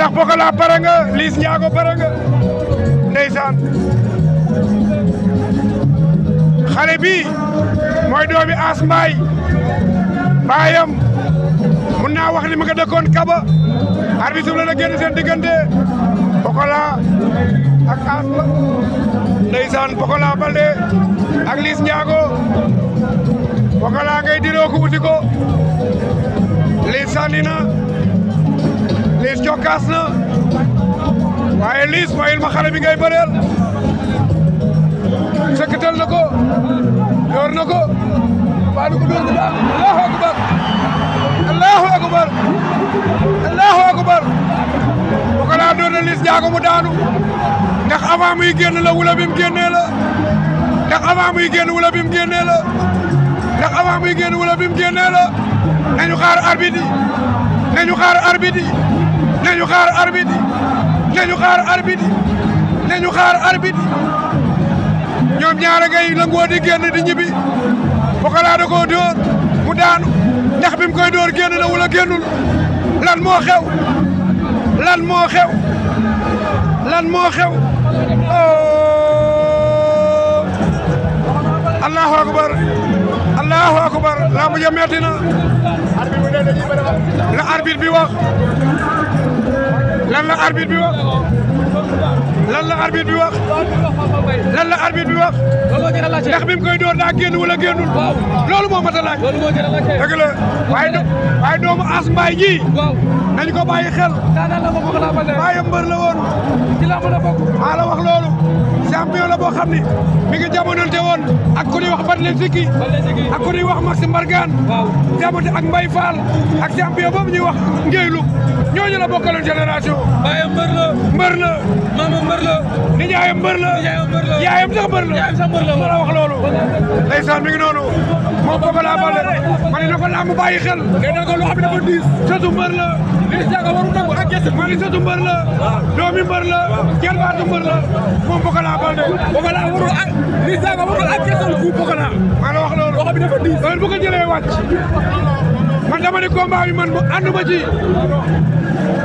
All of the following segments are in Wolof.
ndax Pokola pare nga Liss Ndiago pare nga ndeysaan xale bi mooy doomi As Mbaye baayam mun naa wax ni mu nga dëkkoon Kaba arbitre bi la génn seen diggante Pokola ak As ndeysaan Pokola Baldé ak Liss Ndiago Pokola ngay diroo ko uti ko liis jokkaas na waaye liis mayil ma xale bi ngay bëreel sekkital na ko yor na ko baadu ko door ko allahu akbar allahu akbar allahu akbar Pokola liis njaago mu daanu ndax avant muy génn la wula bim génnee la ndax avant muy génn wula bim génnee la ndax avant muy génn wula bim génnee la nañu xaar arbitre nañu xaar arbitre nañu xaar arbitre nañu xaar arbitre ñoom ñaara ngay lëngoo di génn di ñibbi Pokola da koo dóor mu daanu ndax bi mu koy dóor génn na wala génnul lan moo xew lan moo xew lan moo xew oh! allahu akbar allahu akbar laa mu ja na la arbitre bi wax lan la arbitre bi wax lan la arbitre bi wax lan la arbitre bi wax loolu moo mat a laaj dëgg doomu as mbaay ñii nañu ko bàyyi xel bàyyi mbër la woon maa la wax loolu champion la boo xam mi ngi jamononte woon ak ku ñuy wax Badle Ziki ak ku ñuy wax Max Mbargaan jamonte ak Mbaye Fall ak champion boobu ñuy wax Ngéylu ñooñu la bokkaloon génération baayam mbër la mbër la maama mbër la nijaayam mbër la yaayam sax mbër la ma la wax loolu ndeysaan mi ngi noonu moom Papa laa Baldé ma ne na ko làmb bàyyi xel day na ko lu xam ne dafa diis sëtu mbër la li jaga waru nangu ak gëstu ma ne sëtu mbër la doomi mbër la genn baatu mbër la moom Papa laa Baldé Papa laa warul li Saka waxal ak kesal ku Pokola. maa la wax loolu wax bi dafa diis. loolu bu ko jëlee wàcc. man dama ne combat bi man bu àndu ma ci.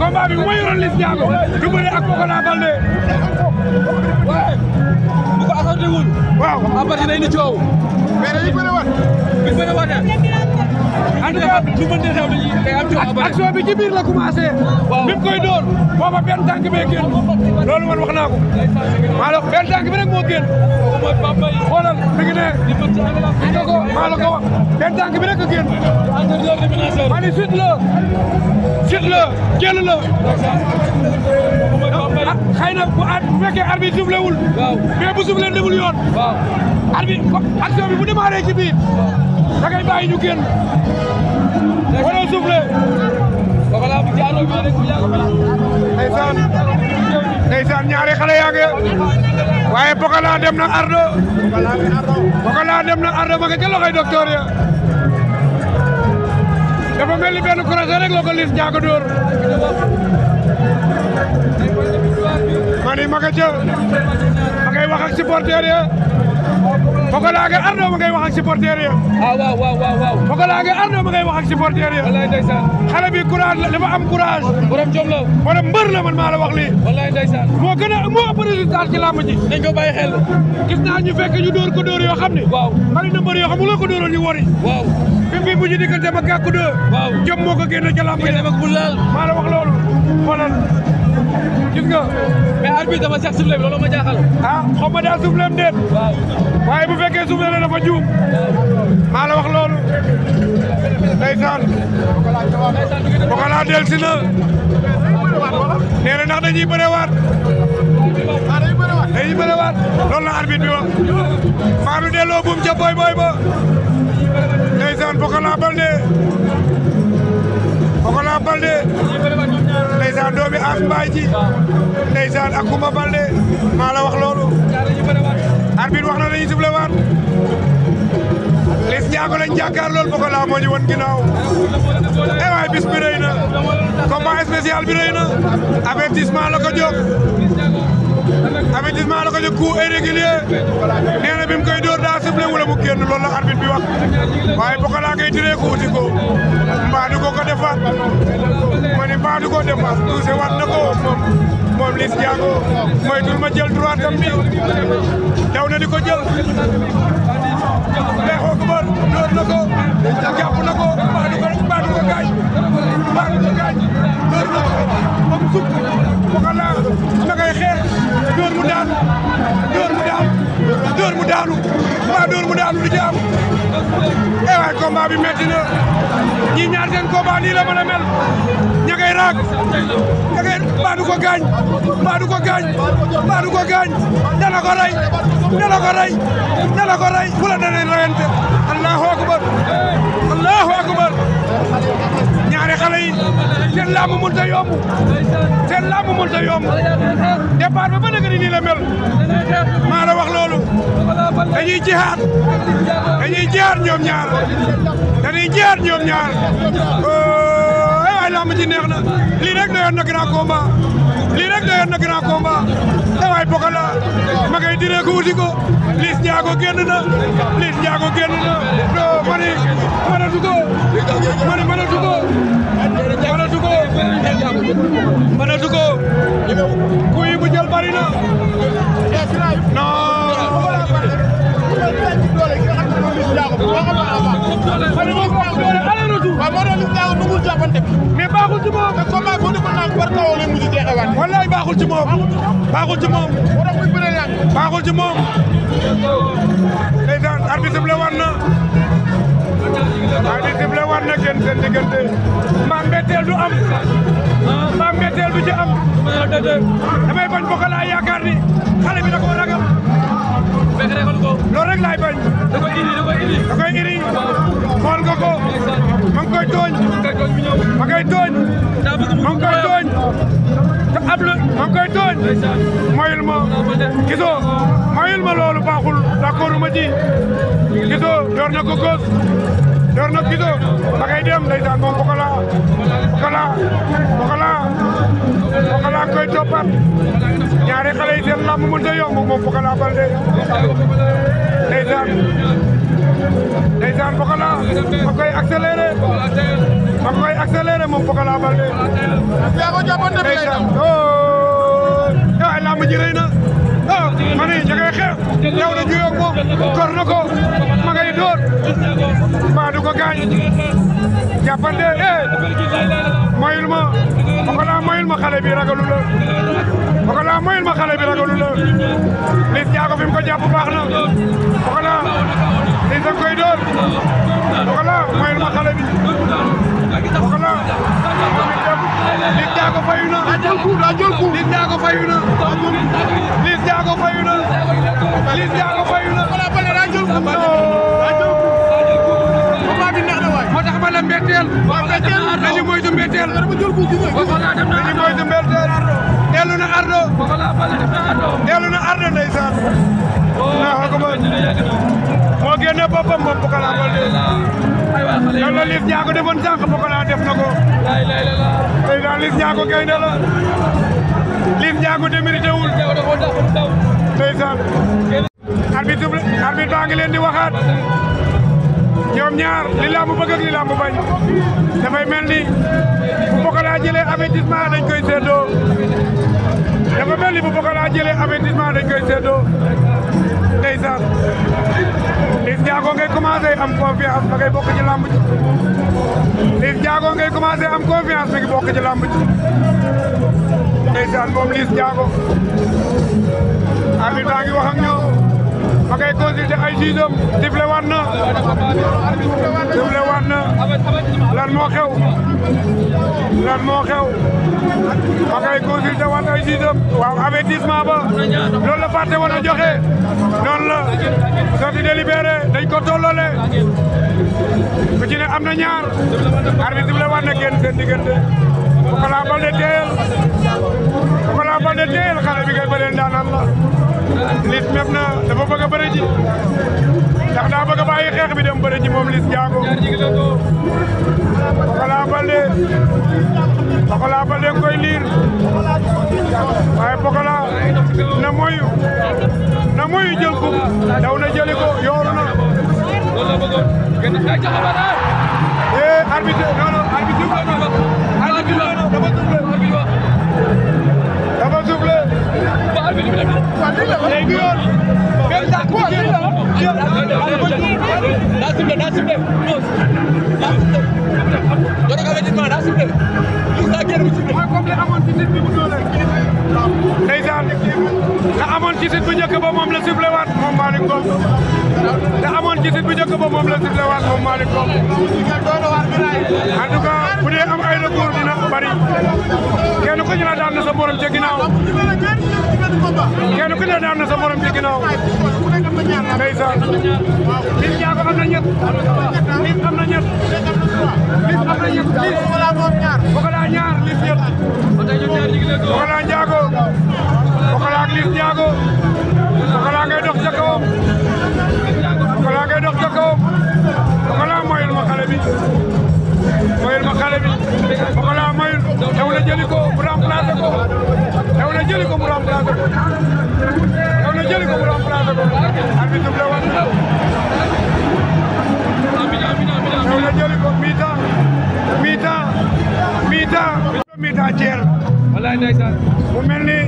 combat bi bu ma yoroon Liss Ndiago du bëri ak Pokola Baldé. waaye bu ko accordé wul. waaw à partir day indi coow. mais dañuy bëri waat. dañu bëri waat en tout cas lu mënti xew dañuy la commencé. waaw bi mu koy dóor benn tànk bee génn loolu man wax maa la benn tànk bi rek moo génn. xoolal mi ngi ne. gis nga ko maa la ko benn tànk bi rek a génn. ma ne suite la suite la jël la. Ah, na bu at bu wul. mais bu soufflé demul yoon. arbitre action da ngay bàyyi ñu génn wala soufflé Pokola bu ñaari xale yaa ngi waaye Pokola dem na Ardo Pokola dem na Ardo ma nga loxoy docteur ya dafa mel ni benn croisé rek la ko Liss Ndiago dóor ma ni ma nga ca ya a nga Ardo ma ngay wax ak supporter ya ah waaw waaw waaw Pokola nga Ardo ma ngay wax ak supporter ya wallaay ndeysaan xale bi courage la dafa am courage borom jom la borom mbër la man maa la wax lii wallaay ndeysaan moo gën a moo ëpp résultat ci làmb ji dañ ko bàyyi xel gis naa ñu fekk ñu dóor ko dóor yoo xam ne waaw bari na mbër yoo xam ne ko dóoroon ñu wori waaw fi mu mujj diggante ba gàkku dóor waaw jom moo ko génne gis nga. mais arbitre dafa seet suuf loolu ma jaaxal. ah xaw ma daal suuf leen waaye bu fekkee suuf leen dafa juum. maa la wax loolu. ndeysaan. Pokola delsi na. nee na ndax dañuy bërewaat. dañuy bërewaat. loolu la arbitre bi wax. maa du delloo buum ca boy boy ba. ndeysaan Pokola Balde. Pokola Balde. ndeysaan doomi as mbaay ji ndeysaan ak Kumba Balde maa la wax loolu arbitre wax na dañuy sifflé waat Liss Ndiago lañ jàkkaar lool boko la moo won ginnaaw eh waay bis bi rëy na combat spécial bi rëy na avertissement la ko jóg avertissement la ko jóg coup irrégulier nee na bi mu koy dóor daa sifflé wala mu génn loolu la arbitre bi wax waaye boko la koy tiree ko uti ko mbaa du ko ko defaat ma ne maa du ko dépassé na moom moom Liss Ndiago moytul jël droit tam bi di ko jël leexoo ko ba na ko jàpp na ko maa ko maa du ko gaañ maa ko gaañ door na ko moom suuf waxalaa na ngay xeex door mu daanu door mu daanu door mu daanu waa dóor mu daanu lu ci am eh waay bi métti na ñi ñaar seen combat nii la mën mel ña koy raak ña koy mbaa du ko gaañ mbaa du ko gaañ ko gaañ dana ko rey dana ko rey allahu akbar allahu akbar ñaari xale yi seen làmb ta yomb seen làmb mën ta yomb départ ba ba nii la mel maa la wax loolu dañuy jihaat dañuy jihaat ñoom ñaar dañuy jihaat ñoom ñaar ji neex na lii rek doyoon na grand combat lii rek doyoon na grand combat eh waay Pokola ma ngay diree ko wuti ko Liss Ndiago génn na Liss Ndiago na non man it mënatu ko man it mënatu bu jël na Liss Ndiago waxoon naa avant. am. maa mbetteel du ci am. damay bañ bokk laa yaakaar ni xale bi fekk rexal ko loolu bañ da koy iri da koy iri da koy iri xool ko ma ngi koy tooñ ma koy tooñ ma ngi koy tooñ te ab loolu baaxul d'accord ma ci gisoo door na ko gos door na Guido ba dem ndeysaan moom Pokola Pokola Pokola koy toppat ñaari xale yi seen lamb mënut a yomb moom Pokola Baldé ndeysaan ndeysaan Pokola ma koy accéléré ma koy accéléré moom Pokola Baldé. yaa ko jàppante bi lay daw ndeysaan oh ah, lamb ji ah ma ne ja ngay xeex yow na juyoo kor na ko ma ngay door mbaa du gaañ jàppante eh mayul ma ma xale la Pokola ma xale bi ragalu la Liss Ndiago ko jàpp baax na Pokola Liss da koy door Pokola mayul ma xale bi Pokola Liss Ndiago fayu na. daa jël coup daa jël coup. Liss Ndiago fayu na. Liss Ndiago fayu na. Liss Ndiago fayu na. Fala Baldé daa jël coup. daa jël coup. combat bi neex na waay. moo tax ma la mbetteel. waaw mbetteel nañu moytu mbetteel. dama jël coup gis nga. Fofala dem na Ardo nañu moytu mbetteel. dellu na Ardo. Fofala Baldé dem na Ardo. dellu na Ardo ndeysaan. boppam moom Pokola Baldé loolu la Liss Ndiago defoon def na ko tey daal Liss Ndiago gaynde la Liss Ndiago démérité wul ndeysaan arbitre souffle arbitre baa ngi leen di waxaat ñoom ñaar li làmb bëgg ak li bañ dafay mel ni bu Pokola jëlee avertissement dañ koy séddoo dafa mel ni bu Pokola jëlee avertissement dañ koy séddoo ndeysaan Liss Ndiago ngay commencé am confiance ba ngay bokk ci làmb ji Liss Ndiago ngay commencé am confiance ba ngay bokk ci làmb ji ndeysaan moom Liss Ndiago arbitre ngi wax ak ma ngay consulté ay jugeem sifflé waat na sifflé waat na lan moo xew ay jugeem waaw avertissement ba loolu la fàtte woon a joxe noonu la sortie délibérée dañ ko tolloole ku ci ne am na ñaar arbitre sifflé waat na génn seen diggante Pokola Baldé teel Pokola Baldé teel xale bi ngay bëreel daanaan la Liss méb na dafa bëgg a bëri ji ndax daa bëgg a bàyyi xeex bi dem bëri ji moom Liss Ndiago Pokola Baldé Pokola Baldé koy liir waaye Pokola na moyu na moyu jël ko daw na jëli ko yooru na ee eh, arbitre non non arbitre dafa soufflé gisit bu njëkk ba moom la sifflé waat moom Malick Ngom te amoon gisit bu njëkk ba moom la sifflé waat moom Malick Ngom en tout am ay recours dina bari kenn ku ñu daan na sa borom ca ginnaaw kenn ku la daan na sa borom ca ginnaaw am na ñëpp wallaay ndeysaan mu mel ni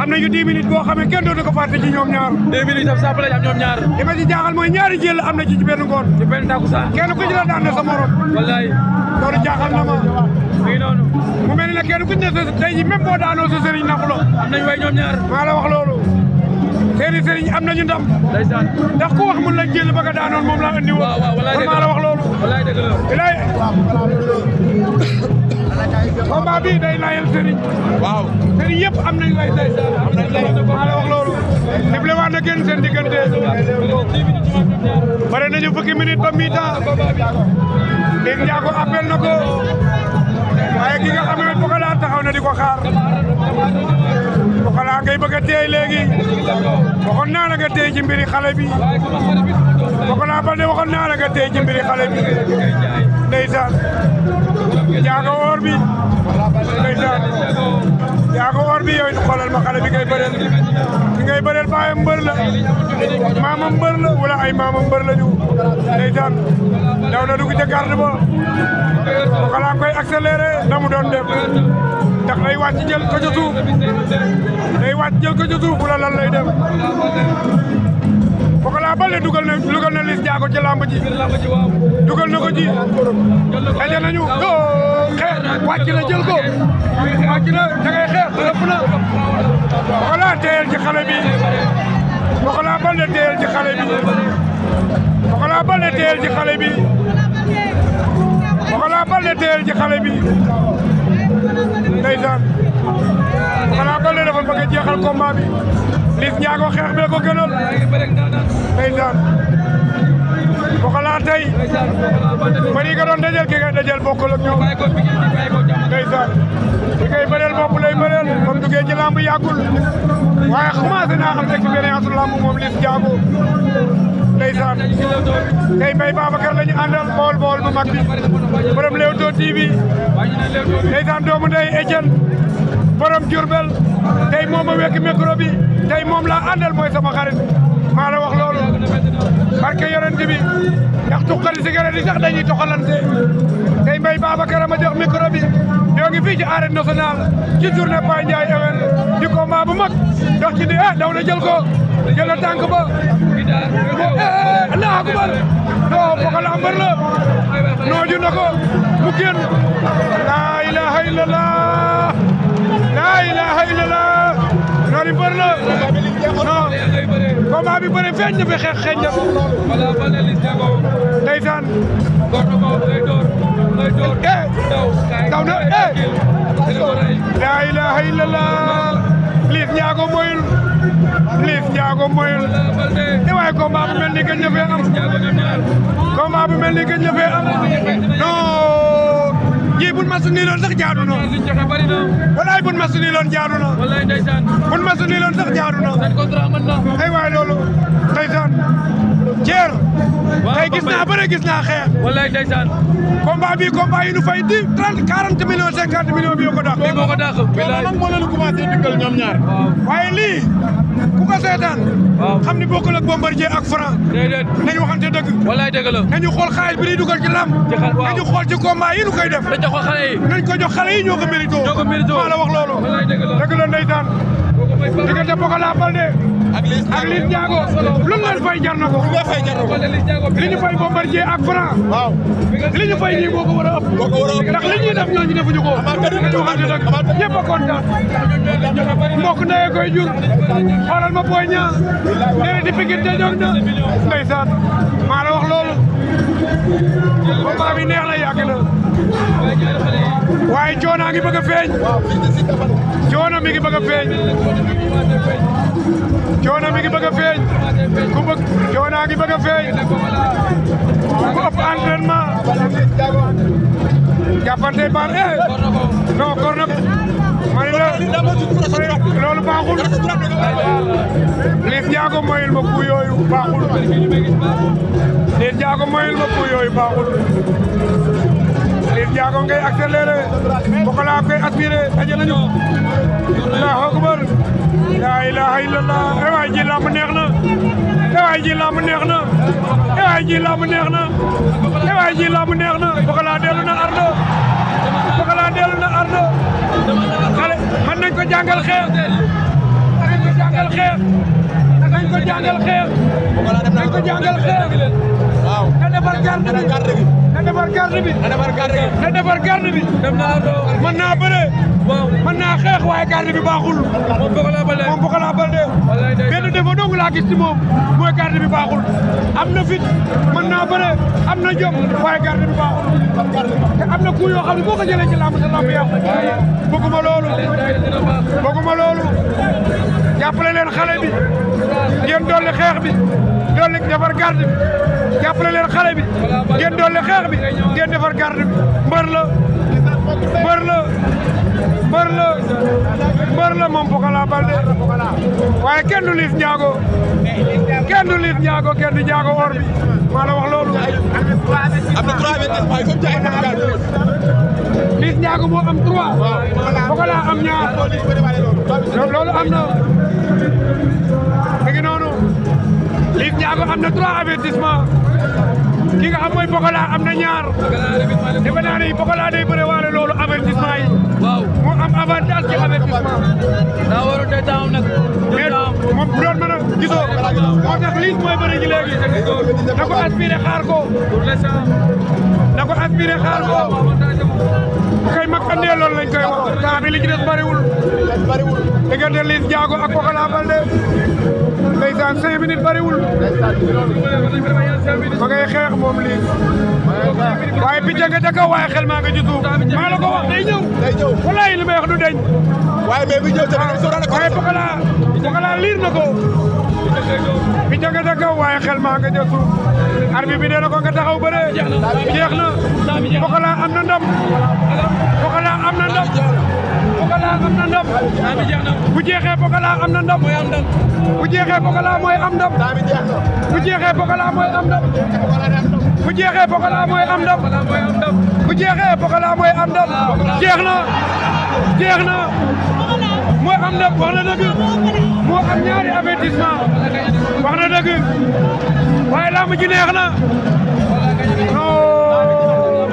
am nañu 10 minutes boo xam ne kenn dootu ko fàtte ci ñoom ñaar 10 minutes am sàppale am ñoom ñaar li ma ci jaaxal mooy am na ci ci benn ngoon ci benn takusaan kenn ku la daan sa morom wallaay loolu jaaxal na ma fii noonu mu mel ni kenn ku ci ne tey ji même boo daanoo sa sëriñ naxuloo am nañu way ñoom ñaar maa la wax loolu seeni sëriñ am nañu ndam ndeysaan ndax ku wax mun la jël ba nga daanoon moom laa andi woon maa la wax loolu wallaay la combat bi day layal sëriñ. waaw sëriñ yëpp am nañ lay tey. am nañ lay maa la waat na kenn seen diggante. bare nañu fukki minute ba mi-temps. ko appel na ko. waaye ki nga xam ne taxaw na di ko xaar. voilà ngay bëgg a léegi waxoon la nga téye ci mbiri xale bi waxoon naa ba ne waxoon naa la nga téye ci mbiri xale bi ndeysaan jaaga woor yaa ko war bi yow it ma xale bi ngay bëreel bi ngay bëreel baayam mbër la maamam mbër la ay maamam mbër la ñu ndeysaan na dugg ca garde ba bo xalaa koy accéléré na mu doon def ndax day wàcc jël ko ca suuf day wàcc jël ko ca suuf wala lan lay def Pokola dugal na dugal na Liss Ndiago ci lamb ji dugal na ko ji xëy nañu xeex wàcc na jël ko wàcc na da ngay xeex lépp na waxalaa teel ci xale bi waxalaa Baldé teel ci xale bi xale bi waxalaa Baldé teel ci xale bi ndeysaan waxalaa Baldé dafa bëgg a jeexal combat xeex bee ko gënal ndeysaan Pokola tey mbër yi nga doon dajal ki nga dajal bokkul ak ñoom ndeysaan ki ngay bëreel bopp lay bëreel comme duggee ci lamb yàggul waaye commencé naa am expérience lamb moom Liss Ndiago ndeysaan tey Mbaye Babacar la ñu àndal bool bool bu mag bi borom Leewtoo TV ndeysaan doomu ndey Etienne borom Diourbel tey moom a wekk micro tey moom laa àndal mooy sama xarit maa la wax loolu barke yonent bi ndax tuqali cigarette yi sax dañuy toxalante tey Mbaye Babacar a jox micro bi ñoo ngi fii ci arène nationale ci journée Baye Ndiaye Ewen di combat bu mag dox ci di ah eh, daw na jël ko jël na tànk ba eh, Allahu akbar non foko la mbër la nooju na ko mu génn laa ilaha illallah laa ilaha illallah noori la non combat bi bëri feeñ na fi xeex xeeñ na. voilà ba léegi li déggoo. ndeysaan. góor eh! na ngay door ngay door. ndaw ndaw moyul. Liss Ndiago moyul. te eh waaye combat bu mel ni gëj na fee am. combat bu mel ji buñ masu nii loon sax jaadu na walaay buñ masu nii loon jaadu masu nii loon sax jaadu na seen contrat mën na gis naa bëre gis naa xeex walaay ndeysaan bi combat nu fay di trente quarante millions cinquante millions bi yoo ko dàq moo ko dàq nag moo leen commencé dikkal ñoom ñaar waaye lii ku ko seetaan. waaw xam ni bokkul ak Bombardier ak Franc. nañu waxante dëgg. walaay dëgg la nañu xool xaalis bi ñuy dugal ci lamb. ci xel waaw nañu xool ci combat yi nu koy def. nañ ko jox xale yi. nañ ko jox xale ñoo ko mérito. ñoo ko wax loolu. dëgg la dëgg la diggante Pokola Baldé ak Liss Ndiago lu ñu leen fay jar na ko li ñu fay Bombardier ak Franc li ñu fay ñii boo ko war a ëpp ndax li ñuy def ñooñu defuñu ko waxante rek ñëpp a kontaan mbokk ndeye koy jur xoolal ma Boy Niang nee di pikit te jóg na ndeysaan maa la wax loolu combat bi neex na yàgg na waaye Joona ngi bëgg a feeñ Joona mi ngi bëgg a feeñ Joona mi ngi bëgg a feeñ ku bëgg Joona ngi bëgg a feeñ ku ëpp entraînement jàppante par eh non kon nag ma ne la loolu baaxul Liss Ndiago moyul ma ku yooyu baaxul Liss Ndiago moyul ma ku yooyu baaxul Liss Ndiago ngay accéléré Pokola koy aspiré daje nañu allahu akbar la ilaha illallah e waay ji lamb neex na e waay ji lamb neex na e waay ji lamb neex na e waay ji lamb neex na Pokola dellu dellu na ardo xale mën nañ ko jàngal xeex nañ ko nañ ko jàngal xeex na defar garde bi na defar garde bi na naa mën naa naa xeex waaye garde bi baaxul moom Pokola Baldé moom Pokola Baldé benn défaut dong laa gis garde bi baaxul am na fit mën naa bëre am na jom waaye garde bi baaxul am na ku yoo xam ne boo ko jëlee ci làmb sa làmb yàqu xale bi ngeen dolli xeex bi doon leen defar garde bi jàppale leen xale bi ngeen doon xeex bi ngeen defar garde bi mbër la mbër la mbër la mbër la moom Pokola waaye kenn du liif Ndiago kenn du liif Ndiago kenn du Ndiago or bi maa la wax loolu. am na moo am 3. Pokola am ñaar loolu am na mi noonu. Liss Ndiago am na trois avertissement ki nga xam mooy Pokola am na ñaar defe naa ne Pokola day bëre waale loolu avertissement yi. waaw am avantage ci avertissement. daa waroon moom bu doon mën a moo tax Liss mooy bëri ji léegi na ko aspiré xaar ko. na ko aspiré xaar ko. kay mag andee loolu lañ koy wax temps bi li ci des bariwul. bariwul diggante Liss Ndiago ak Pokola Baldé. ndeysaan cinq minutes bariwul ma ngay xeex moom lii waaye picc nga ca kaw waaye xel maa nga ci maa la ko wax day ñëw walaay li may wax du deñ waaye mais bi nga ca kaw xel maa nga ca suuf bi nee ko nga taxaw bëre jeex na Pokola am na ndam Pokola am na ndam Pokola am na ndam. bu jeexee Pokola am na ndam. mooy am ndam. bu jeexee Pokola mooy am ndam. bu jeexee Pokola mooy am ndam. bu jeexee Pokola mooy am ndam. bu jeexee Pokola mooy am ndam. jeex na jeex na mooy am ndam wax na dëgg moo am ñaari avertissement wax na dëgg waaye làmb ji neex na. Oh.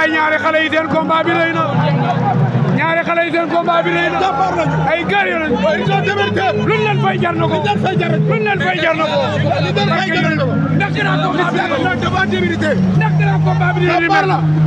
ay ñaari xale yi seen combat bi rëy na ñaari xale yi seen combat bi rëy na ay gar yo lañu luñ leen fay jar na ko luñ leen fay na ko ndax dina combat bi ndax dina combat bi